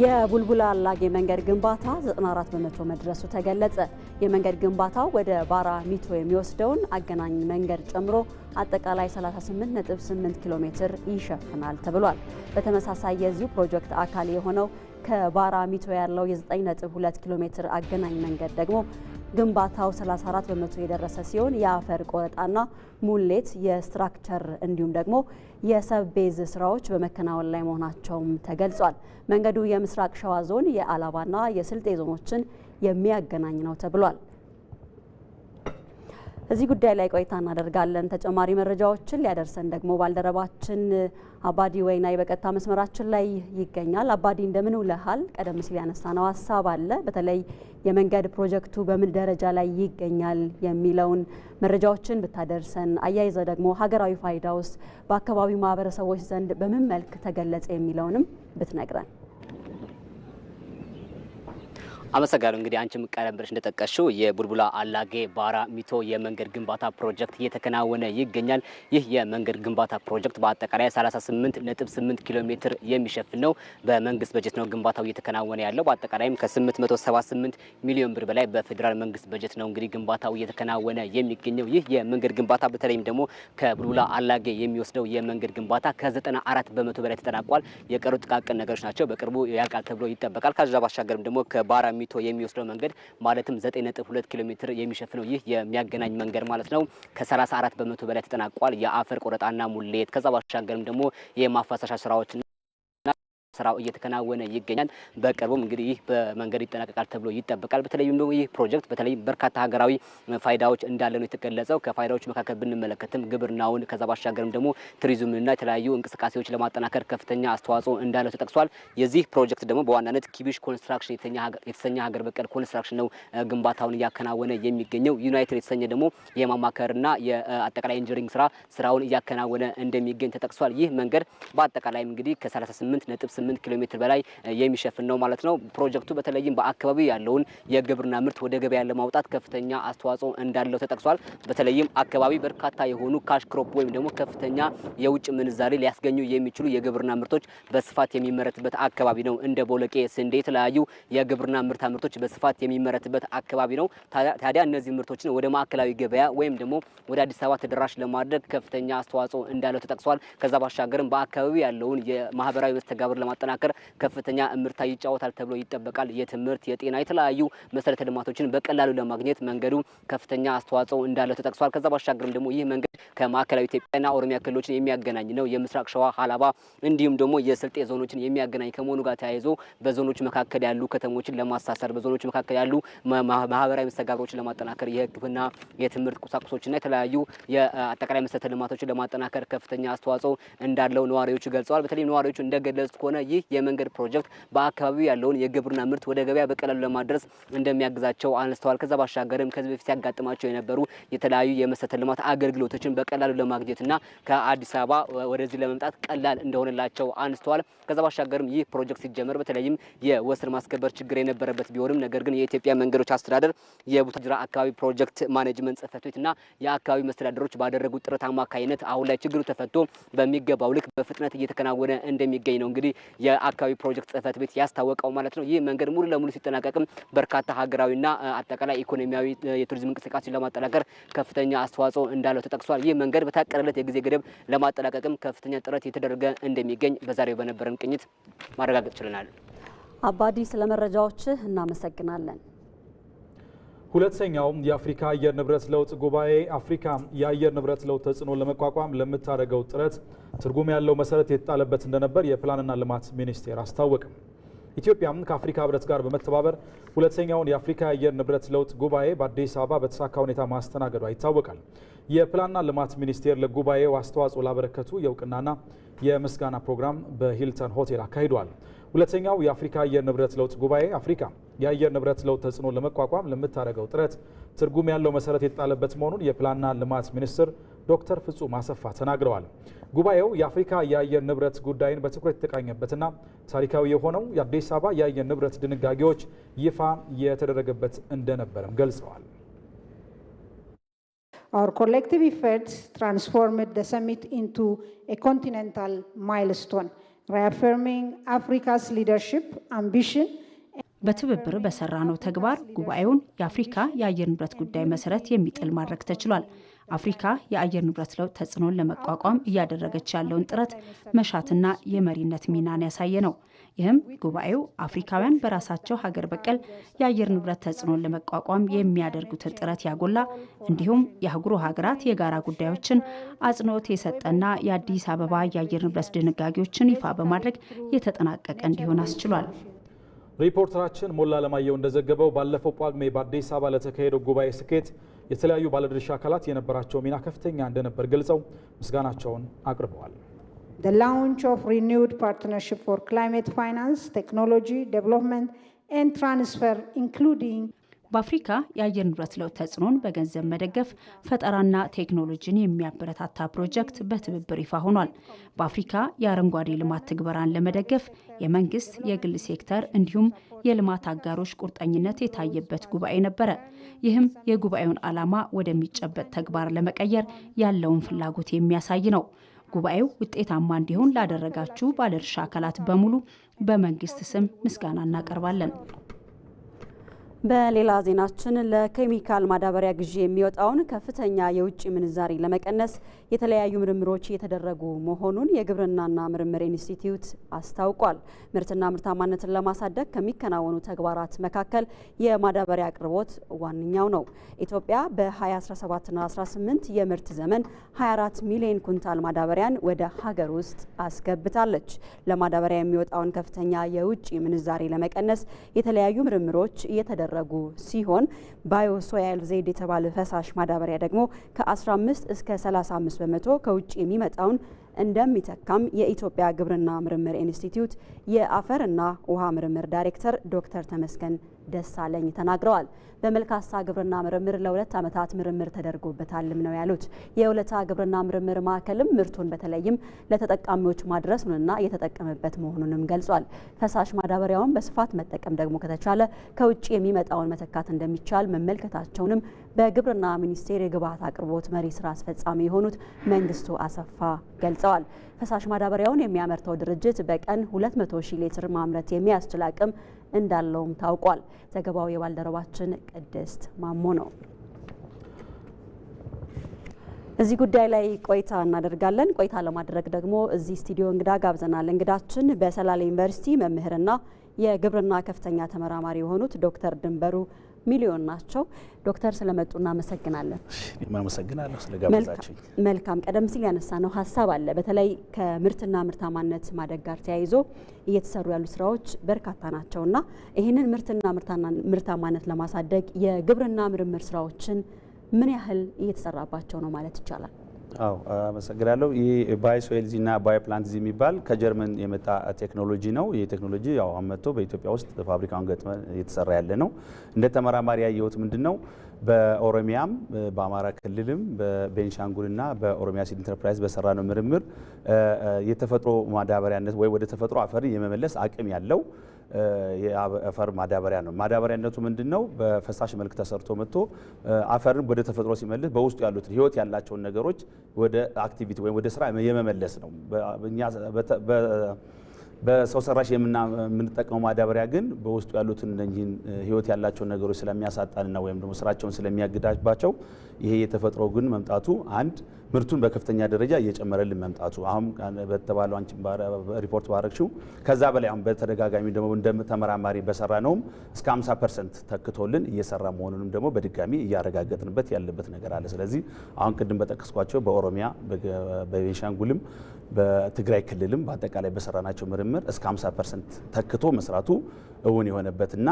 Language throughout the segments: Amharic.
የቡልቡል አላግ የመንገድ ግንባታ 94 በመቶ መድረሱ ተገለጸ። የመንገድ ግንባታው ወደ ባራ ሚቶ የሚወስደውን አገናኝ መንገድ ጨምሮ አጠቃላይ 38.8 ኪሎ ሜትር ይሸፍናል ተብሏል። በተመሳሳይ የዚሁ ፕሮጀክት አካል የሆነው ከባራ ሚቶ ያለው የ9.2 ኪሎ ሜትር አገናኝ መንገድ ደግሞ ግንባታው 34 በመቶ የደረሰ ሲሆን የአፈር ቆረጣና ሙሌት የስትራክቸር እንዲሁም ደግሞ የሰብ ቤዝ ስራዎች በመከናወን ላይ መሆናቸውም ተገልጿል። መንገዱ የምስራቅ ሸዋ ዞን የአላባና የስልጤ ዞኖችን የሚያገናኝ ነው ተብሏል። እዚህ ጉዳይ ላይ ቆይታ እናደርጋለን። ተጨማሪ መረጃዎችን ሊያደርሰን ደግሞ ባልደረባችን አባዲ ወይናይ በቀጥታ መስመራችን ላይ ይገኛል። አባዲ እንደምን ውለሃል? ቀደም ሲል ያነሳነው ሀሳብ አለ። በተለይ የመንገድ ፕሮጀክቱ በምን ደረጃ ላይ ይገኛል የሚለውን መረጃዎችን ብታደርሰን፣ አያይዘ ደግሞ ሀገራዊ ፋይዳ ውስጥ በአካባቢው ማህበረሰቦች ዘንድ በምን መልክ ተገለጸ የሚለውንም ብትነግረን አመሰግናለሁ። እንግዲህ አንቺም ቀደም ብለሽ እንደጠቀሽው የቡልቡላ አላጌ ባራ ሚቶ የመንገድ ግንባታ ፕሮጀክት እየተከናወነ ይገኛል። ይህ የመንገድ ግንባታ ፕሮጀክት በአጠቃላይ 8 ኪሎ ሜትር የሚሸፍን ነው። በመንግስት በጀት ነው ግንባታው እየተከናወነ ያለው። በአጠቃላይም ከ878 ሚሊዮን ብር በላይ በፌዴራል መንግስት በጀት ነው እንግዲህ ግንባታው እየተከናወነ የሚገኘው። ይህ የመንገድ ግንባታ በተለይም ደግሞ ከቡልቡላ አላጌ የሚወስደው የመንገድ ግንባታ ከ94 በመቶ በላይ ተጠናቋል። የቀሩ ጥቃቅን ነገሮች ናቸው። በቅርቡ ያልቃል ተብሎ ይጠበቃል። ከዛ ባሻገርም ደግሞ ከባራ የሚወስደው መንገድ ማለትም 9.2 ኪሎ ሜትር የሚሸፍነው ይህ የሚያገናኝ መንገድ ማለት ነው ከ34 በመቶ በላይ ተጠናቋል። የአፈር ቆረጣና ሙሌት ከዛ ባሻገርም ደግሞ የማፋሰሻ ስራዎችና ስራው እየተከናወነ ይገኛል። በቅርቡም እንግዲህ ይህ በመንገድ ይጠናቀቃል ተብሎ ይጠበቃል። በተለይም ደግሞ ይህ ፕሮጀክት በተለይም በርካታ ሀገራዊ ፋይዳዎች እንዳለ ነው የተገለጸው። ከፋይዳዎች መካከል ብንመለከትም ግብርናውን፣ ከዛ ባሻገርም ደግሞ ቱሪዝምና የተለያዩ እንቅስቃሴዎች ለማጠናከር ከፍተኛ አስተዋጽኦ እንዳለው ተጠቅሷል። የዚህ ፕሮጀክት ደግሞ በዋናነት ኪቢሽ ኮንስትራክሽን የተሰኘ ሀገር በቀል ኮንስትራክሽን ነው ግንባታውን እያከናወነ የሚገኘው። ዩናይትድ የተሰኘ ደግሞ የማማከርና የአጠቃላይ ኢንጂኒሪንግ ስራ ስራውን እያከናወነ እንደሚገኝ ተጠቅሷል። ይህ መንገድ በአጠቃላይም እንግዲህ ከ38 ነጥብ ከ ኪሎ ሜትር በላይ የሚሸፍን ነው ማለት ነው። ፕሮጀክቱ በተለይም በአካባቢው ያለውን የግብርና ምርት ወደ ገበያ ለማውጣት ከፍተኛ አስተዋጽኦ እንዳለው ተጠቅሷል። በተለይም አካባቢ በርካታ የሆኑ ካሽ ክሮፕ ወይም ደግሞ ከፍተኛ የውጭ ምንዛሬ ሊያስገኙ የሚችሉ የግብርና ምርቶች በስፋት የሚመረትበት አካባቢ ነው። እንደ ቦለቄ፣ ስንዴ፣ የተለያዩ የግብርና ምርታ ምርቶች በስፋት የሚመረትበት አካባቢ ነው። ታዲያ እነዚህ ምርቶችን ወደ ማዕከላዊ ገበያ ወይም ደግሞ ወደ አዲስ አበባ ተደራሽ ለማድረግ ከፍተኛ አስተዋጽኦ እንዳለው ተጠቅሷል። ከዛ ባሻገርም በአካባቢው ያለውን የማህበራዊ መስተጋብር ለማ በማጠናከር ከፍተኛ እምርታ ይጫወታል ተብሎ ይጠበቃል። የትምህርት፣ የጤና፣ የተለያዩ መሰረተ ልማቶችን በቀላሉ ለማግኘት መንገዱ ከፍተኛ አስተዋጽኦ እንዳለው ተጠቅሷል። ከዛ ባሻገርም ደግሞ ይህ መንገድ ከማዕከላዊ ኢትዮጵያና ኦሮሚያ ክልሎችን የሚያገናኝ ነው። የምስራቅ ሸዋ፣ ሀላባ እንዲሁም ደግሞ የስልጤ ዞኖችን የሚያገናኝ ከመሆኑ ጋር ተያይዞ በዞኖች መካከል ያሉ ከተሞችን ለማሳሰር በዞኖች መካከል ያሉ ማህበራዊ መስተጋብሮችን ለማጠናከር የሕክምና፣ የትምህርት ቁሳቁሶችና የተለያዩ የአጠቃላይ መሰረተ ልማቶችን ለማጠናከር ከፍተኛ አስተዋጽኦ እንዳለው ነዋሪዎቹ ገልጸዋል። በተለይም ነዋሪዎቹ እንደገለጹት ከሆነ ይህ የመንገድ ፕሮጀክት በአካባቢው ያለውን የግብርና ምርት ወደ ገበያ በቀላሉ ለማድረስ እንደሚያግዛቸው አነስተዋል። ከዛ ባሻገርም ከዚህ በፊት ያጋጥማቸው የነበሩ የተለያዩ የመሰረተ ልማት አገልግሎቶችን በቀላሉ ለማግኘትና ከአዲስ አበባ ወደዚህ ለመምጣት ቀላል እንደሆነላቸው አንስተዋል። ከዛ ባሻገርም ይህ ፕሮጀክት ሲጀመር በተለይም የወሰን ማስከበር ችግር የነበረበት ቢሆንም ነገር ግን የኢትዮጵያ መንገዶች አስተዳደር የቡታጅራ አካባቢ ፕሮጀክት ማኔጅመንት ጽሕፈት ቤትና የአካባቢ መስተዳደሮች ባደረጉት ጥረት አማካኝነት አሁን ላይ ችግሩ ተፈቶ በሚገባው ልክ በፍጥነት እየተከናወነ እንደሚገኝ ነው እንግዲህ የአካባቢ ፕሮጀክት ጽህፈት ቤት ያስታወቀው ማለት ነው። ይህ መንገድ ሙሉ ለሙሉ ሲጠናቀቅም በርካታ ሀገራዊና አጠቃላይ ኢኮኖሚያዊ የቱሪዝም እንቅስቃሴ ለማጠናከር ከፍተኛ አስተዋጽኦ እንዳለው ተጠቅሷል። ይህ መንገድ በታቀደለት የጊዜ ገደብ ለማጠናቀቅም ከፍተኛ ጥረት የተደረገ እንደሚገኝ በዛሬው በነበረን ቅኝት ማረጋገጥ ችለናል። አባዲ ስለ መረጃዎች እናመሰግናለን። ሁለተኛው የአፍሪካ አየር ንብረት ለውጥ ጉባኤ አፍሪካ የአየር ንብረት ለውጥ ተጽዕኖ ለመቋቋም ለምታደርገው ጥረት ትርጉም ያለው መሰረት የተጣለበት እንደነበር የፕላንና ልማት ሚኒስቴር አስታወቅም ኢትዮጵያም ከአፍሪካ ህብረት ጋር በመተባበር ሁለተኛውን የአፍሪካ የአየር ንብረት ለውጥ ጉባኤ በአዲስ አበባ በተሳካ ሁኔታ ማስተናገዷ ይታወቃል። የፕላንና ልማት ሚኒስቴር ለጉባኤው አስተዋጽኦ ላበረከቱ የእውቅናና የምስጋና ፕሮግራም በሂልተን ሆቴል አካሂዷል። ሁለተኛው የአፍሪካ አየር ንብረት ለውጥ ጉባኤ አፍሪካ የአየር ንብረት ለውጥ ተጽዕኖ ለመቋቋም ለምታደርገው ጥረት ትርጉም ያለው መሰረት የተጣለበት መሆኑን የፕላንና ልማት ሚኒስትር ዶክተር ፍጹም አሰፋ ተናግረዋል። ጉባኤው የአፍሪካ የአየር ንብረት ጉዳይን በትኩረት የተቃኘበትና ታሪካዊ የሆነው የአዲስ አበባ የአየር ንብረት ድንጋጌዎች ይፋ የተደረገበት እንደነበረም ገልጸዋል። Our collective efforts transformed the summit into a continental milestone. በትብብር በሰራነው ተግባር ጉባኤውን የአፍሪካ የአየር ንብረት ጉዳይ መሰረት የሚጥል ማድረግ ተችሏል። አፍሪካ የአየር ንብረት ለውጥ ተጽዕኖን ለመቋቋም እያደረገች ያለውን ጥረት መሻትና የመሪነት ሚናን ያሳየ ነው። ይህም ጉባኤው አፍሪካውያን በራሳቸው ሀገር በቀል የአየር ንብረት ተጽዕኖን ለመቋቋም የሚያደርጉትን ጥረት ያጎላ እንዲሁም የአህጉሩ ሀገራት የጋራ ጉዳዮችን አጽንኦት የሰጠና የአዲስ አበባ የአየር ንብረት ድንጋጌዎችን ይፋ በማድረግ የተጠናቀቀ እንዲሆን አስችሏል። ሪፖርተራችን ሞላ ለማየው እንደዘገበው ባለፈው ጳጉሜ በአዲስ አበባ ለተካሄደው ጉባኤ ስኬት የተለያዩ ባለድርሻ አካላት የነበራቸው ሚና ከፍተኛ እንደነበር ገልጸው ምስጋናቸውን አቅርበዋል። The launch of renewed partnership for climate finance, technology development and transfer including በአፍሪካ የአየር ንብረት ለውጥ ተጽዕኖን በገንዘብ መደገፍ ፈጠራና ቴክኖሎጂን የሚያበረታታ ፕሮጀክት በትብብር ይፋ ሆኗል። በአፍሪካ የአረንጓዴ ልማት ትግበራን ለመደገፍ የመንግስት፣ የግል ሴክተር እንዲሁም የልማት አጋሮች ቁርጠኝነት የታየበት ጉባኤ ነበረ። ይህም የጉባኤውን ዓላማ ወደሚጨበጥ ተግባር ለመቀየር ያለውን ፍላጎት የሚያሳይ ነው። ጉባኤው ውጤታማ እንዲሆን ላደረጋችሁ ባለድርሻ አካላት በሙሉ በመንግስት ስም ምስጋና እናቀርባለን። በሌላ ዜናችን ለኬሚካል ማዳበሪያ ግዢ የሚወጣውን ከፍተኛ የውጭ ምንዛሪ ለመቀነስ የተለያዩ ምርምሮች እየተደረጉ መሆኑን የግብርናና ምርምር ኢንስቲትዩት አስታውቋል። ምርትና ምርታማነትን ለማሳደግ ከሚከናወኑ ተግባራት መካከል የማዳበሪያ አቅርቦት ዋነኛው ነው። ኢትዮጵያ በ2017ና 18 የምርት ዘመን 24 ሚሊዮን ኩንታል ማዳበሪያን ወደ ሀገር ውስጥ አስገብታለች። ለማዳበሪያ የሚወጣውን ከፍተኛ የውጭ ምንዛሪ ለመቀነስ የተለያዩ ምርምሮች እየተደረጉ ያደረጉ ሲሆን ባዮሶያል ዘይድ የተባለ ፈሳሽ ማዳበሪያ ደግሞ ከ15 እስከ 35 በመቶ ከውጭ የሚመጣውን እንደሚተካም የኢትዮጵያ ግብርና ምርምር ኢንስቲትዩት የአፈርና ውሃ ምርምር ዳይሬክተር ዶክተር ተመስገን ደሳለኝ ተናግረዋል። በመልካሳ ግብርና ምርምር ለሁለት ዓመታት ምርምር ተደርጎበታልም ነው ያሉት። የሁለታ ግብርና ምርምር ማዕከልም ምርቱን በተለይም ለተጠቃሚዎች ማድረሱንና የተጠቀመበት መሆኑንም ገልጿል። ፈሳሽ ማዳበሪያውን በስፋት መጠቀም ደግሞ ከተቻለ ከውጭ የሚመጣውን መተካት እንደሚቻል መመልከታቸውንም በግብርና ሚኒስቴር የግብዓት አቅርቦት መሪ ስራ አስፈጻሚ የሆኑት መንግስቱ አሰፋ ገልጸዋል። ገልጸዋል። ፈሳሽ ማዳበሪያውን የሚያመርተው ድርጅት በቀን 200 ሺ ሊትር ማምረት የሚያስችል አቅም እንዳለውም ታውቋል። ዘገባው የባልደረባችን ቅድስት ማሞ ነው። እዚህ ጉዳይ ላይ ቆይታ እናደርጋለን። ቆይታ ለማድረግ ደግሞ እዚህ ስቱዲዮ እንግዳ ጋብዘናል። እንግዳችን በሰላሌ ዩኒቨርሲቲ መምህርና የግብርና ከፍተኛ ተመራማሪ የሆኑት ዶክተር ድንበሩ ሚሊዮን ናቸው። ዶክተር ስለመጡ እናመሰግናለን። አመሰግናለሁ ስለጋበዛችሁኝ። መልካም። ቀደም ሲል ያነሳ ነው ሀሳብ አለ። በተለይ ከምርትና ምርታማነት ማደግ ጋር ተያይዞ እየተሰሩ ያሉ ስራዎች በርካታ ናቸውና ይህንን ምርትና ምርታማነት ለማሳደግ የግብርና ምርምር ስራዎችን ምን ያህል እየተሰራባቸው ነው ማለት ይቻላል? አዎ አመሰግናለሁ። ይህ ባዮሶኤልዚ እና ዚ የሚባል ከጀርመን የመጣ ቴክኖሎጂ ነው። ይህ ቴክኖሎጂ ያው መጥቶ በኢትዮጵያ ውስጥ ፋብሪካውን ገጥመ እየተሰራ ያለ ነው። እንደ ተመራማሪ ያየሁት ምንድን ነው በኦሮሚያም በአማራ ክልልም በቤንሻንጉልና በኦሮሚያ ሲድ ኢንተርፕራይዝ በሰራ ነው ምርምር የተፈጥሮ ማዳበሪያነት ወይ ወደ ተፈጥሮ አፈር የመመለስ አቅም ያለው የአፈር ማዳበሪያ ነው። ማዳበሪያነቱ ምንድን ነው? በፈሳሽ መልክ ተሰርቶ መጥቶ አፈርን ወደ ተፈጥሮ ሲመልስ በውስጡ ያሉትን ህይወት ያላቸውን ነገሮች ወደ አክቲቪቲ ወይም ወደ ስራ የመመለስ ነው። በሰው ሰራሽ የምንጠቀመው ማዳበሪያ ግን በውስጡ ያሉትን እነዚህን ህይወት ያላቸውን ነገሮች ስለሚያሳጣንና ወይም ደግሞ ስራቸውን ስለሚያግዳባቸው ይሄ የተፈጥሮ ግን መምጣቱ አንድ ምርቱን በከፍተኛ ደረጃ እየጨመረልን መምጣቱ አሁን በተባለው አንቺ ሪፖርት ባረግሽው ከዛ በላይ አሁን በተደጋጋሚ ደግሞ እንደ ተመራማሪ በሰራ ነውም እስከ 50 ፐርሰንት ተክቶልን እየሰራ መሆኑንም ደግሞ በድጋሚ እያረጋገጥንበት ያለበት ነገር አለ። ስለዚህ አሁን ቅድም በጠቀስኳቸው በኦሮሚያ በቤንሻንጉልም በትግራይ ክልልም በአጠቃላይ በሰራናቸው ምርምር እስከ 50 ፐርሰንት ተክቶ መስራቱ እውን የሆነበትና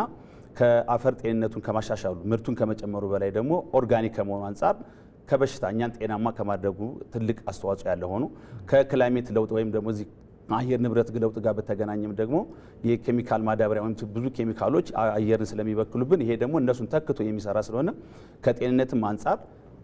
ከአፈር ጤንነቱን ከማሻሻሉ ምርቱን ከመጨመሩ በላይ ደግሞ ኦርጋኒክ ከመሆኑ አንጻር ከበሽታ እኛን ጤናማ ከማድረጉ ትልቅ አስተዋጽኦ ያለ ሆኖ ከክላይሜት ለውጥ ወይም ደግሞ እዚህ አየር ንብረት ለውጥ ጋር በተገናኘም ደግሞ የኬሚካል ማዳበሪያ ወይም ብዙ ኬሚካሎች አየርን ስለሚበክሉብን ይሄ ደግሞ እነሱን ተክቶ የሚሰራ ስለሆነ ከጤንነትም አንጻር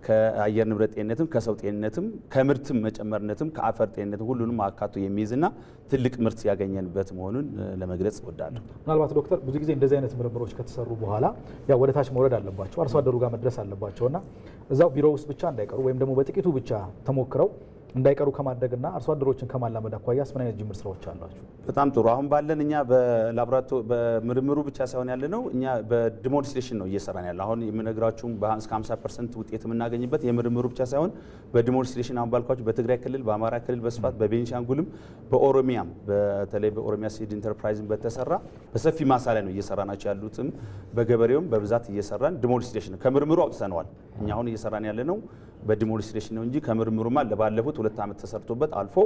ከአየር ንብረት ጤንነትም ከሰው ጤንነትም ከምርትም መጨመርነትም ከአፈር ጤንነትም ሁሉንም አካቶ የሚይዝና ትልቅ ምርት ያገኘንበት መሆኑን ለመግለጽ እወዳለሁ። ምናልባት ዶክተር ብዙ ጊዜ እንደዚህ አይነት ምርምሮች ከተሰሩ በኋላ ያው ወደ ታች መውረድ አለባቸው፣ አርሶ አደሩ ጋር መድረስ አለባቸውና እዛው ቢሮ ውስጥ ብቻ እንዳይቀሩ ወይም ደግሞ በጥቂቱ ብቻ ተሞክረው እንዳይቀሩ ከማድረግና አርሶ አደሮችን ከማላመድ አኳያ ምን አይነት ጅምር ስራዎች አሏቸው? በጣም ጥሩ። አሁን ባለን እኛ በላቦራቶሪ በምርምሩ ብቻ ሳይሆን ያለ ነው እኛ በዲሞንስትሬሽን ነው እየሰራን ያለ። አሁን የምነግራችሁም እስከ 50 ፐርሰንት ውጤት የምናገኝበት የምርምሩ ብቻ ሳይሆን በዲሞንስትሬሽን አሁን ባልኳችሁ በትግራይ ክልል፣ በአማራ ክልል በስፋት በቤንሻንጉልም፣ በኦሮሚያም በተለይ በኦሮሚያ ሲድ ኢንተርፕራይዝም በተሰራ በሰፊ ማሳ ላይ ነው እየሰራ ናቸው ያሉትም በገበሬውም በብዛት እየሰራን ዲሞንስትሬሽን ከምርምሩ አውጥተነዋል። እኛ አሁን እየሰራን ያለ ነው በዲሞሊስቴሽን ነው እንጂ ከምርምሩማ ለባለፉት ሁለት ዓመት ተሰርቶበት አልፎ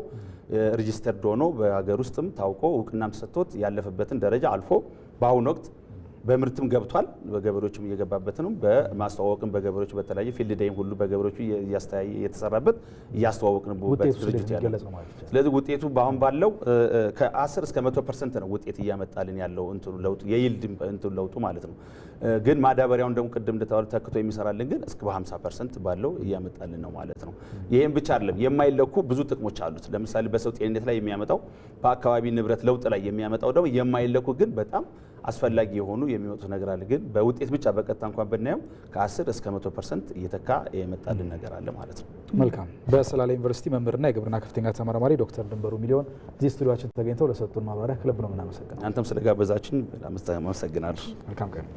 ሬጂስተርድ ሆኖ በሀገር ውስጥም ታውቆ እውቅናም ተሰጥቶት ያለፈበትን ደረጃ አልፎ በአሁኑ ወቅት በምርትም ገብቷል፣ በገበሬዎችም እየገባበት ነው። በማስተዋወቅም በገበሬዎች በተለያየ ፊልድ ዳይም ሁሉ በገበሬዎቹ እየተሰራበት እያስተዋወቅ ነው ድርጅት ያለ። ስለዚህ ውጤቱ በአሁን ባለው ከ10 እስከ 100 ፐርሰንት ነው ውጤት እያመጣልን ያለው እንትኑ ለውጡ የይልድ እንትኑ ለውጡ ማለት ነው። ግን ማዳበሪያውን ደግሞ ቅድም እንደተባለ ተክቶ የሚሰራልን ግን እስከ 50 ፐርሰንት ባለው እያመጣልን ነው ማለት ነው። ይህም ብቻ አይደለም፣ የማይለኩ ብዙ ጥቅሞች አሉት። ለምሳሌ በሰው ጤንነት ላይ የሚያመጣው በአካባቢ ንብረት ለውጥ ላይ የሚያመጣው ደግሞ የማይለኩ ግን በጣም አስፈላጊ የሆኑ የሚወጡ ነገር አለ። ግን በውጤት ብቻ በቀጥታ እንኳን ብናየው ከ10 እስከ 100 ፐርሰንት እየተካ የመጣልን ነገር አለ ማለት ነው። መልካም። በሰላሌ ዩኒቨርሲቲ መምህርና የግብርና ከፍተኛ ተመራማሪ ዶክተር ድንበሩ ሚሊዮን እዚህ ስቱዲዮችን ተገኝተው ለሰጡን ማብራሪያ ክለብ ነው የምናመሰግነው። አንተም ስለጋበዛችን አመሰግናለሁ። መልካም ቀን።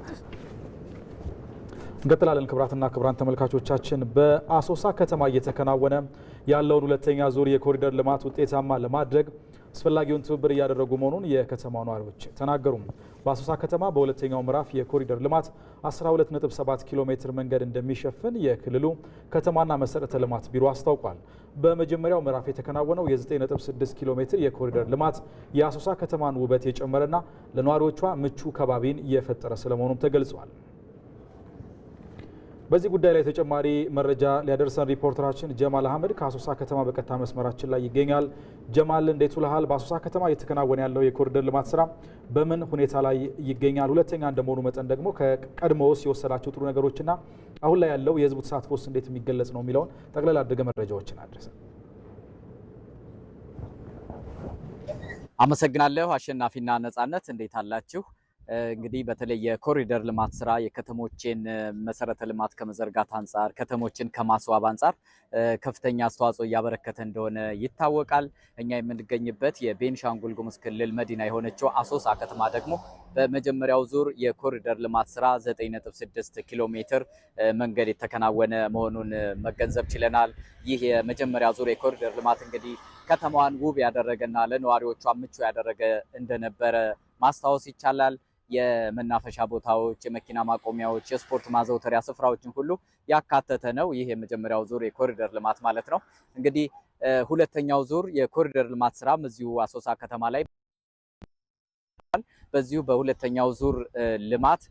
እንቀጥላለን። ክብራትና ክብራን ተመልካቾቻችን በአሶሳ ከተማ እየተከናወነ ያለውን ሁለተኛ ዙር የኮሪደር ልማት ውጤታማ ለማድረግ አስፈላጊውን ትብብር እያደረጉ መሆኑን የከተማ ነዋሪዎች ተናገሩም። በአሶሳ ከተማ በሁለተኛው ምዕራፍ የኮሪደር ልማት 127 ኪሎ ሜትር መንገድ እንደሚሸፍን የክልሉ ከተማና መሰረተ ልማት ቢሮ አስታውቋል። በመጀመሪያው ምዕራፍ የተከናወነው የ96 ኪሎ ሜትር የኮሪደር ልማት የአሶሳ ከተማን ውበት የጨመረና ለነዋሪዎቿ ምቹ ከባቢን እየፈጠረ ስለመሆኑም ተገልጿል። በዚህ ጉዳይ ላይ ተጨማሪ መረጃ ሊያደርሰን ሪፖርተራችን ጀማል አህመድ ከአሶሳ ከተማ በቀጥታ መስመራችን ላይ ይገኛል። ጀማል እንዴት ውለሃል? በአሶሳ ከተማ እየተከናወነ ያለው የኮሪደር ልማት ስራ በምን ሁኔታ ላይ ይገኛል? ሁለተኛ እንደመሆኑ መጠን ደግሞ ከቀድሞውስ የወሰዳቸው ጥሩ ነገሮችና አሁን ላይ ያለው የህዝቡ ተሳትፎስ እንዴት የሚገለጽ ነው የሚለውን ጠቅለል አድርገህ መረጃዎችን አድርሰን አመሰግናለሁ አሸናፊና ነጻነት እንዴት አላችሁ? እንግዲህ በተለይ የኮሪደር ልማት ስራ የከተሞችን መሰረተ ልማት ከመዘርጋት አንጻር ከተሞችን ከማስዋብ አንጻር ከፍተኛ አስተዋጽኦ እያበረከተ እንደሆነ ይታወቃል። እኛ የምንገኝበት የቤንሻንጉል ጉሙዝ ክልል መዲና የሆነችው አሶሳ ከተማ ደግሞ በመጀመሪያው ዙር የኮሪደር ልማት ስራ 9.6 ኪሎ ሜትር መንገድ የተከናወነ መሆኑን መገንዘብ ችለናል። ይህ የመጀመሪያ ዙር የኮሪደር ልማት እንግዲህ ከተማዋን ውብ ያደረገና ለነዋሪዎቿ ምቹ ያደረገ እንደነበረ ማስታወስ ይቻላል። የመናፈሻ ቦታዎች፣ የመኪና ማቆሚያዎች፣ የስፖርት ማዘውተሪያ ስፍራዎችን ሁሉ ያካተተ ነው። ይህ የመጀመሪያው ዙር የኮሪደር ልማት ማለት ነው። እንግዲህ ሁለተኛው ዙር የኮሪደር ልማት ስራም እዚሁ አሶሳ ከተማ ላይ በዚሁ በሁለተኛው ዙር ልማት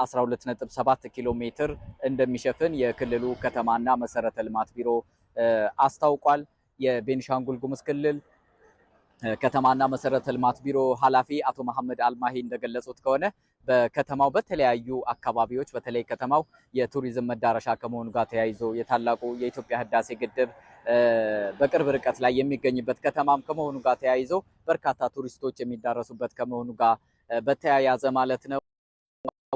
12.7 ኪሎ ሜትር እንደሚሸፍን የክልሉ ከተማና መሰረተ ልማት ቢሮ አስታውቋል። የቤኒሻንጉል ጉሙዝ ክልል ከተማና መሰረተ ልማት ቢሮ ኃላፊ አቶ መሐመድ አልማሂ እንደገለጹት ከሆነ በከተማው በተለያዩ አካባቢዎች በተለይ ከተማው የቱሪዝም መዳረሻ ከመሆኑ ጋር ተያይዞ የታላቁ የኢትዮጵያ ህዳሴ ግድብ በቅርብ ርቀት ላይ የሚገኝበት ከተማም ከመሆኑ ጋር ተያይዞ በርካታ ቱሪስቶች የሚዳረሱበት ከመሆኑ ጋር በተያያዘ ማለት ነው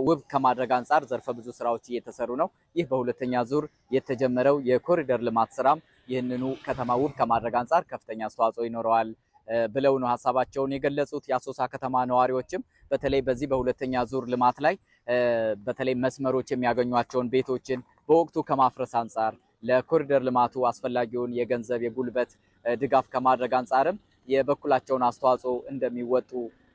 ውብ ከማድረግ አንጻር ዘርፈ ብዙ ስራዎች እየተሰሩ ነው። ይህ በሁለተኛ ዙር የተጀመረው የኮሪደር ልማት ስራም ይህንኑ ከተማ ውብ ከማድረግ አንጻር ከፍተኛ አስተዋጽኦ ይኖረዋል ብለው ነው ሀሳባቸውን የገለጹት። የአሶሳ ከተማ ነዋሪዎችም በተለይ በዚህ በሁለተኛ ዙር ልማት ላይ በተለይ መስመሮች የሚያገኟቸውን ቤቶችን በወቅቱ ከማፍረስ አንጻር ለኮሪደር ልማቱ አስፈላጊውን የገንዘብ የጉልበት ድጋፍ ከማድረግ አንጻርም የበኩላቸውን አስተዋጽኦ እንደሚወጡ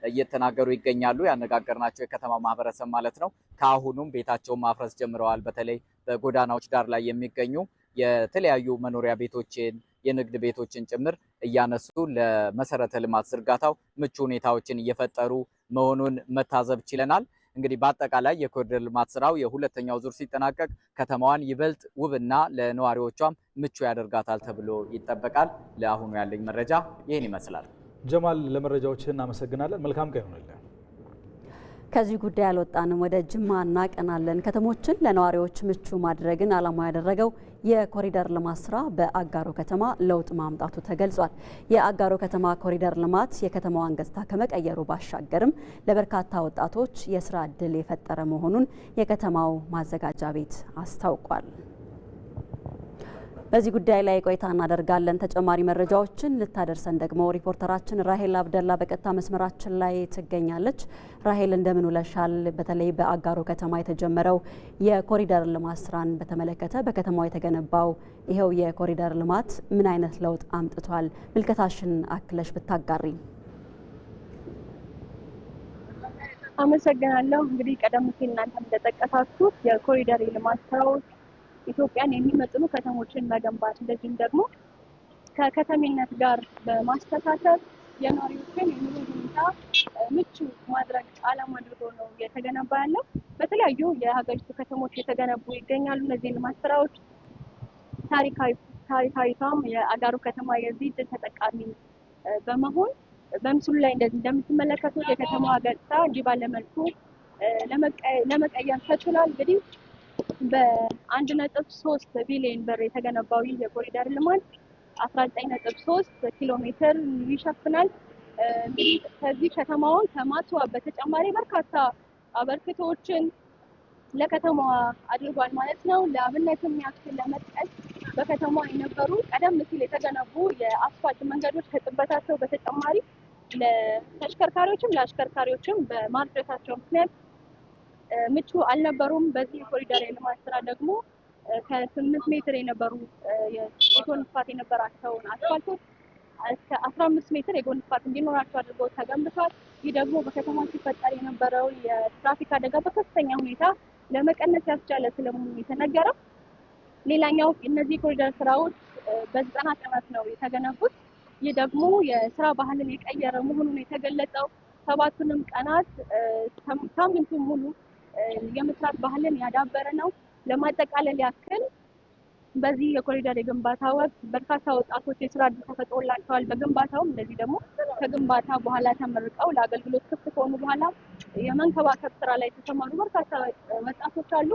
እየተናገሩ ይገኛሉ። ያነጋገርናቸው የከተማ ማህበረሰብ ማለት ነው። ከአሁኑም ቤታቸውን ማፍረስ ጀምረዋል። በተለይ በጎዳናዎች ዳር ላይ የሚገኙ የተለያዩ መኖሪያ ቤቶችን የንግድ ቤቶችን ጭምር እያነሱ ለመሰረተ ልማት ዝርጋታው ምቹ ሁኔታዎችን እየፈጠሩ መሆኑን መታዘብ ችለናል። እንግዲህ በአጠቃላይ የኮሪደር ልማት ስራው የሁለተኛው ዙር ሲጠናቀቅ ከተማዋን ይበልጥ ውብና ለነዋሪዎቿም ምቹ ያደርጋታል ተብሎ ይጠበቃል። ለአሁኑ ያለኝ መረጃ ይህን ይመስላል። ጀማል፣ ለመረጃዎችህ እናመሰግናለን። መልካም ቀን ይሆንልን። ከዚህ ጉዳይ አልወጣንም፣ ወደ ጅማ እናቀናለን። ከተሞችን ለነዋሪዎች ምቹ ማድረግን ዓላማ ያደረገው የኮሪደር ልማት ስራ በአጋሮ ከተማ ለውጥ ማምጣቱ ተገልጿል። የአጋሮ ከተማ ኮሪደር ልማት የከተማዋን ገጽታ ከመቀየሩ ባሻገርም ለበርካታ ወጣቶች የስራ ዕድል የፈጠረ መሆኑን የከተማው ማዘጋጃ ቤት አስታውቋል። በዚህ ጉዳይ ላይ ቆይታ እናደርጋለን። ተጨማሪ መረጃዎችን ልታደርሰን ደግሞ ሪፖርተራችን ራሄል አብደላ በቀጥታ መስመራችን ላይ ትገኛለች። ራሄል እንደምን ውለሻል? በተለይ በአጋሮ ከተማ የተጀመረው የኮሪደር ልማት ስራን በተመለከተ በከተማው የተገነባው ይኸው የኮሪደር ልማት ምን አይነት ለውጥ አምጥቷል? ምልከታሽን አክለሽ ብታጋሪ አመሰግናለሁ። እንግዲህ ቀደም ሲል እናንተም እንደጠቀሳችሁት የኮሪደር ልማት ስራዎች ኢትዮጵያን የሚመጥኑ ከተሞችን መገንባት እንደዚሁም ደግሞ ከከተሜነት ጋር በማስተካከል የነዋሪዎችን የኑሮ ሁኔታ ምቹ ማድረግ ዓላማ አድርጎ ነው እየተገነባ ያለው። በተለያዩ የሀገሪቱ ከተሞች የተገነቡ ይገኛሉ። እነዚህ ልማት ስራዎች ታሪካዊቷም የአጋሩ ከተማ የዚህ ድል ተጠቃሚ በመሆን በምስሉ ላይ እንደዚህ እንደምትመለከቱት የከተማዋ ገጽታ እንዲህ ባለ መልኩ ለመቀየር ተችሏል። እንግዲህ በአንድ ነጥብ ሶስት ቢሊዮን ብር የተገነባው ይህ የኮሪደር ልማት አስራ ዘጠኝ ነጥብ ሶስት ኪሎ ሜትር ይሸፍናል። ከዚህ ከተማውን ከማስዋብ በተጨማሪ በርካታ አበርክቶችን ለከተማዋ አድርጓል ማለት ነው። ለአብነትም ያክል ለመጥቀስ በከተማዋ የነበሩ ቀደም ሲል የተገነቡ የአስፋልት መንገዶች ከጥበታቸው በተጨማሪ ለተሽከርካሪዎችም ለአሽከርካሪዎችም በማድረሳቸው ምክንያት ምቹ አልነበሩም። በዚህ የኮሪደር የልማት ስራ ደግሞ ከስምንት ሜትር የነበሩ የጎን ስፋት የነበራቸውን አስፋልቶች እስከ አስራ አምስት ሜትር የጎን ስፋት እንዲኖራቸው አድርገው ተገንብቷል። ይህ ደግሞ በከተማ ሲፈጠር የነበረው የትራፊክ አደጋ በከፍተኛ ሁኔታ ለመቀነስ ያስቻለ ስለመሆኑ የተነገረው። ሌላኛው እነዚህ የኮሪደር ስራዎች በዘጠና ቀናት ነው የተገነቡት። ይህ ደግሞ የስራ ባህልን የቀየረ መሆኑን የተገለጸው ሰባቱንም ቀናት ሳምንቱን ሙሉ የመስራት ባህልን ያዳበረ ነው። ለማጠቃለል ያክል በዚህ የኮሪደር የግንባታ ወቅት በርካታ ወጣቶች የስራ እድል ተፈጥሮላቸዋል። በግንባታውም እንደዚህ ደግሞ ከግንባታ በኋላ ተመርቀው ለአገልግሎት ክፍት ከሆኑ በኋላ የመንከባከብ ስራ ላይ የተሰማሩ በርካታ ወጣቶች አሉ።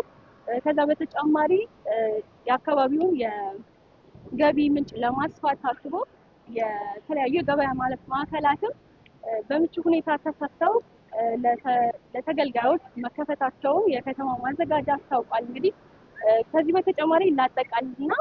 ከዛ በተጨማሪ የአካባቢውን የገቢ ምንጭ ለማስፋት ታስቦ የተለያዩ የገበያ ማዕከላትም በምቹ ሁኔታ ተሰርተው ለተገልጋዮች መከፈታቸውን የከተማው ማዘጋጃ አስታውቋል። እንግዲህ ከዚህ በተጨማሪ እናጠቃልና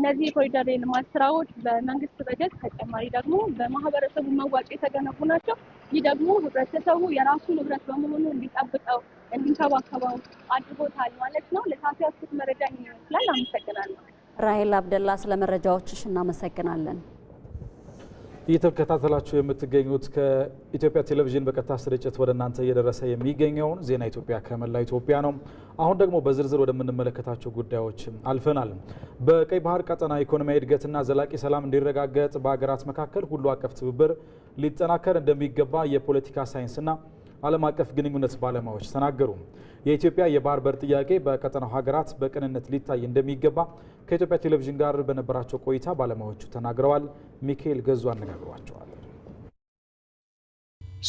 እነዚህ የኮሪደር የልማት ስራዎች በመንግስት በጀት ተጨማሪ ደግሞ በማህበረሰቡ መዋጮ የተገነቡ ናቸው። ይህ ደግሞ ህብረተሰቡ የራሱ ንብረት በመሆኑ እንዲጠብቀው እንዲንከባከበው አድርጎታል ማለት ነው። ለሳፊ ያስኩት መረጃ ይመስላል። አመሰግናለሁ። ራሄል አብደላ፣ ስለ መረጃዎችሽ እናመሰግናለን። እየተከታተላችሁ የምትገኙት ከኢትዮጵያ ቴሌቪዥን በቀጥታ ስርጭት ወደ እናንተ እየደረሰ የሚገኘውን ዜና ኢትዮጵያ ከመላ ኢትዮጵያ ነው። አሁን ደግሞ በዝርዝር ወደምንመለከታቸው ጉዳዮች አልፈናል። በቀይ ባህር ቀጠና ኢኮኖሚያዊ እድገትና ዘላቂ ሰላም እንዲረጋገጥ በሀገራት መካከል ሁሉ አቀፍ ትብብር ሊጠናከር እንደሚገባ የፖለቲካ ሳይንስና ዓለም አቀፍ ግንኙነት ባለሙያዎች ተናገሩ። የኢትዮጵያ የባህር በር ጥያቄ በቀጠናው ሀገራት በቅንነት ሊታይ እንደሚገባ ከኢትዮጵያ ቴሌቪዥን ጋር በነበራቸው ቆይታ ባለሙያዎቹ ተናግረዋል። ሚካኤል ገዙ አነጋግሯቸዋል።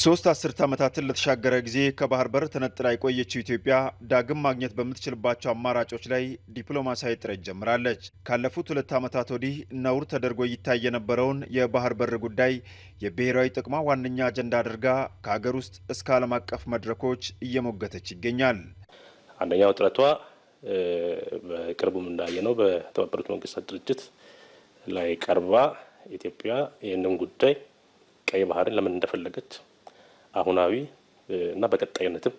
ሶስት አስርት ዓመታትን ለተሻገረ ጊዜ ከባህር በር ተነጥላ የቆየችው ኢትዮጵያ ዳግም ማግኘት በምትችልባቸው አማራጮች ላይ ዲፕሎማሲያዊ ጥረት ጀምራለች። ካለፉት ሁለት ዓመታት ወዲህ ነውር ተደርጎ ይታይ የነበረውን የባህር በር ጉዳይ የብሔራዊ ጥቅሟ ዋነኛ አጀንዳ አድርጋ ከሀገር ውስጥ እስከ ዓለም አቀፍ መድረኮች እየሞገተች ይገኛል። አንደኛው ጥረቷ በቅርቡም እንዳየነው በተባበሩት መንግስታት ድርጅት ላይ ቀርባ ኢትዮጵያ ይህንን ጉዳይ ቀይ ባህርን ለምን እንደፈለገች አሁናዊ እና በቀጣይነትም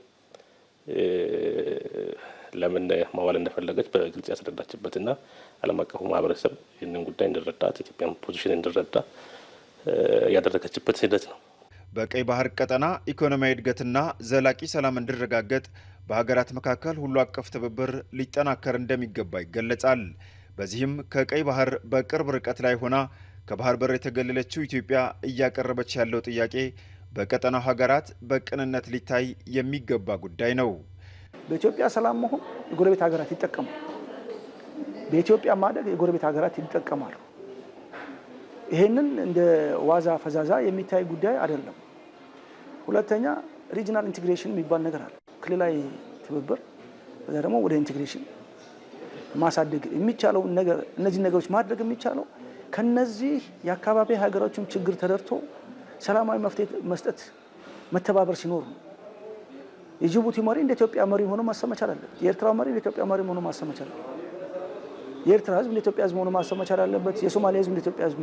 ለምን ማዋል እንደፈለገች በግልጽ ያስረዳችበትና ዓለም አቀፉ ማህበረሰብ ይህንን ጉዳይ እንዲረዳት ኢትዮጵያን ፖዚሽን እንድረዳ ያደረገችበት ሂደት ነው። በቀይ ባህር ቀጠና ኢኮኖሚያዊ እድገትና ዘላቂ ሰላም እንዲረጋገጥ በሀገራት መካከል ሁሉ አቀፍ ትብብር ሊጠናከር እንደሚገባ ይገለጻል። በዚህም ከቀይ ባህር በቅርብ ርቀት ላይ ሆና ከባህር በር የተገለለችው ኢትዮጵያ እያቀረበች ያለው ጥያቄ በቀጠናው ሀገራት በቅንነት ሊታይ የሚገባ ጉዳይ ነው። በኢትዮጵያ ሰላም መሆን የጎረቤት ሀገራት ይጠቀማል። በኢትዮጵያ ማደግ የጎረቤት ሀገራት ይጠቀማሉ። ይህንን እንደ ዋዛ ፈዛዛ የሚታይ ጉዳይ አይደለም። ሁለተኛ ሪጅናል ኢንቴግሬሽን የሚባል ነገር አለ። ክልላዊ ትብብር በዛ ደግሞ ወደ ኢንቴግሬሽን ማሳደግ የሚቻለው እነዚህ ነገሮች ማድረግ የሚቻለው ከነዚህ የአካባቢ ሀገሮችም ችግር ተደርቶ ሰላማዊ መፍትሄ መስጠት መተባበር ሲኖር ነው። የጅቡቲ መሪ እንደ ኢትዮጵያ መሪ ሆኖ ማሰብ መቻል አለበት። የኤርትራ መሪ እንደ ኢትዮጵያ መሪ ሆኖ ማሰብ መቻል አለበት። የኤርትራ ሕዝብ እንደ ኢትዮጵያ ሕዝብ ሆኖ ማሰብ መቻል አለበት። የሶማሊያ ሕዝብ እንደ ኢትዮጵያ ሕዝብ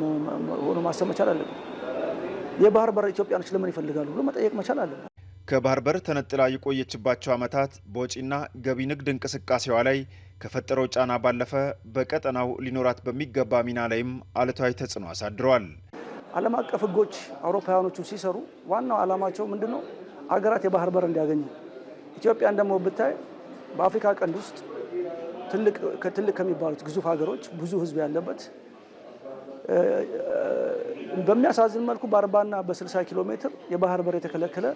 ሆኖ ማሰብ መቻል አለበት። የባህር በር ኢትዮጵያኖች ለምን ይፈልጋሉ ብሎ መጠየቅ መቻል አለበት። ከባህር በር ተነጥላ የቆየችባቸው ዓመታት በወጪና ገቢ ንግድ እንቅስቃሴዋ ላይ ከፈጠረው ጫና ባለፈ በቀጠናው ሊኖራት በሚገባ ሚና ላይም አሉታዊ ተጽዕኖ አሳድረዋል። ዓለም አቀፍ ህጎች አውሮፓውያኖቹ ሲሰሩ ዋናው ዓላማቸው ምንድን ነው? የባህር በር እንዲያገኙ። ኢትዮጵያን ደግሞ ብታይ በአፍሪካ ቀንድ ውስጥ ትልቅ ከሚባሉት ግዙፍ ሀገሮች ብዙ ህዝብ ያለበት በሚያሳዝን መልኩ በአርባና በስልሳ ኪሎ ሜትር የባህር በር የተከለከለ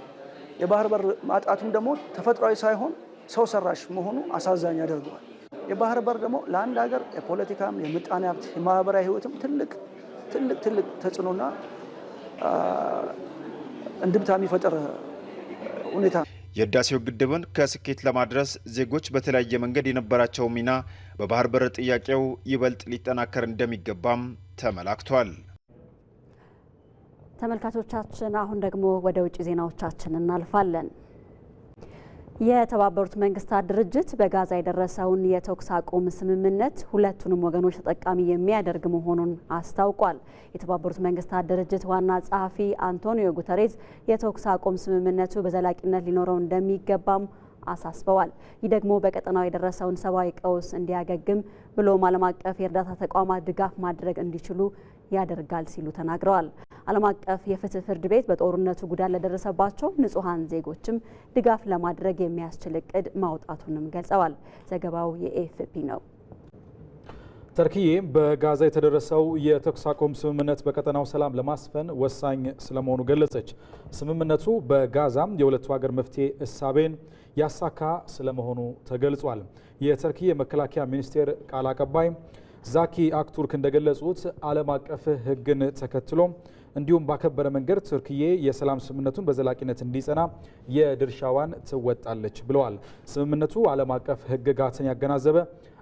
የባህር በር ማጣቱም ደግሞ ተፈጥሯዊ ሳይሆን ሰው ሰራሽ መሆኑ አሳዛኝ ያደርገዋል። የባህር በር ደግሞ ለአንድ ሀገር የፖለቲካም፣ የምጣኔ ሀብት፣ የማህበራዊ ህይወትም ትልቅ ትልቅ ትልቅ ተጽዕኖና እንድምታ የሚፈጠር ሁኔታ ነው። የህዳሴው ግድብን ከስኬት ለማድረስ ዜጎች በተለያየ መንገድ የነበራቸው ሚና በባህር በር ጥያቄው ይበልጥ ሊጠናከር እንደሚገባም ተመላክቷል። ተመልካቾቻችን አሁን ደግሞ ወደ ውጭ ዜናዎቻችን እናልፋለን። የተባበሩት መንግስታት ድርጅት በጋዛ የደረሰውን የተኩስ አቁም ስምምነት ሁለቱንም ወገኖች ተጠቃሚ የሚያደርግ መሆኑን አስታውቋል። የተባበሩት መንግስታት ድርጅት ዋና ጸሐፊ አንቶኒዮ ጉተሬዝ የተኩስ አቁም ስምምነቱ በዘላቂነት ሊኖረው እንደሚገባም አሳስበዋል። ይህ ደግሞ በቀጠናው የደረሰውን ሰብአዊ ቀውስ እንዲያገግም ብሎም ዓለም አቀፍ የእርዳታ ተቋማት ድጋፍ ማድረግ እንዲችሉ ያደርጋል ሲሉ ተናግረዋል። ዓለም አቀፍ የፍትህ ፍርድ ቤት በጦርነቱ ጉዳት ለደረሰባቸው ንጹሐን ዜጎችም ድጋፍ ለማድረግ የሚያስችል እቅድ ማውጣቱንም ገልጸዋል። ዘገባው የኤፍፒ ነው። ተርክዬ በጋዛ የተደረሰው የተኩስ አቁም ስምምነት በቀጠናው ሰላም ለማስፈን ወሳኝ ስለመሆኑ ገለጸች። ስምምነቱ በጋዛም የሁለቱ ሀገር መፍትሄ እሳቤን ያሳካ ስለመሆኑ ተገልጿል። የተርኪዬ መከላከያ ሚኒስቴር ቃል አቀባይ ዛኪ አክቱርክ እንደገለጹት ዓለም አቀፍ ሕግን ተከትሎ እንዲሁም ባከበረ መንገድ ቱርክዬ የሰላም ስምምነቱን በዘላቂነት እንዲጸና የድርሻዋን ትወጣለች ብለዋል። ስምምነቱ ዓለም አቀፍ ሕግጋትን ያገናዘበ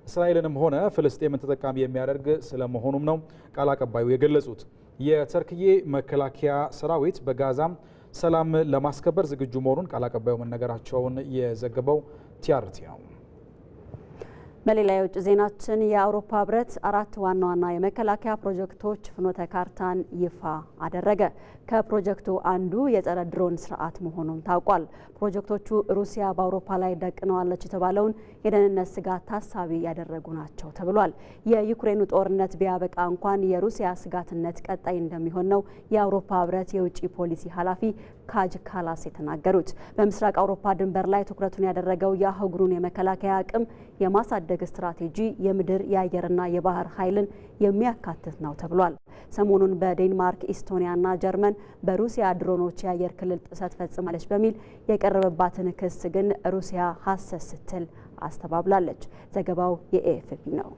እስራኤልንም ሆነ ፍልስጤምን ተጠቃሚ የሚያደርግ ስለመሆኑም ነው ቃል አቀባዩ የገለጹት። የተርክዬ መከላከያ ሰራዊት በጋዛም ሰላም ለማስከበር ዝግጁ መሆኑን ቃል አቀባዩ መነገራቸውን የዘገበው ቲአርቲ ነው። በሌላ የውጭ ዜናችን የአውሮፓ ህብረት አራት ዋና ዋና የመከላከያ ፕሮጀክቶች ፍኖተ ካርታን ይፋ አደረገ። ከፕሮጀክቱ አንዱ የጸረ ድሮን ስርዓት መሆኑም ታውቋል። ፕሮጀክቶቹ ሩሲያ በአውሮፓ ላይ ደቅነዋለች የተባለውን የደህንነት ስጋት ታሳቢ ያደረጉ ናቸው ተብሏል። የዩክሬኑ ጦርነት ቢያበቃ እንኳን የሩሲያ ስጋትነት ቀጣይ እንደሚሆን ነው የአውሮፓ ህብረት የውጭ ፖሊሲ ኃላፊ ካጅ ካላስ የተናገሩት። በምስራቅ አውሮፓ ድንበር ላይ ትኩረቱን ያደረገው የአህጉሩን የመከላከያ አቅም የማሳደግ ስትራቴጂ የምድር የአየርና የባህር ኃይልን የሚያካትት ነው ተብሏል። ሰሞኑን በዴንማርክ ኢስቶኒያና ጀርመን በሩሲያ ድሮኖች የአየር ክልል ጥሰት ፈጽማለች በሚል የቀረበባትን ክስ ግን ሩሲያ ሀሰት ስትል አስተባብላለች። ዘገባው የኤኤፍፒ ነው።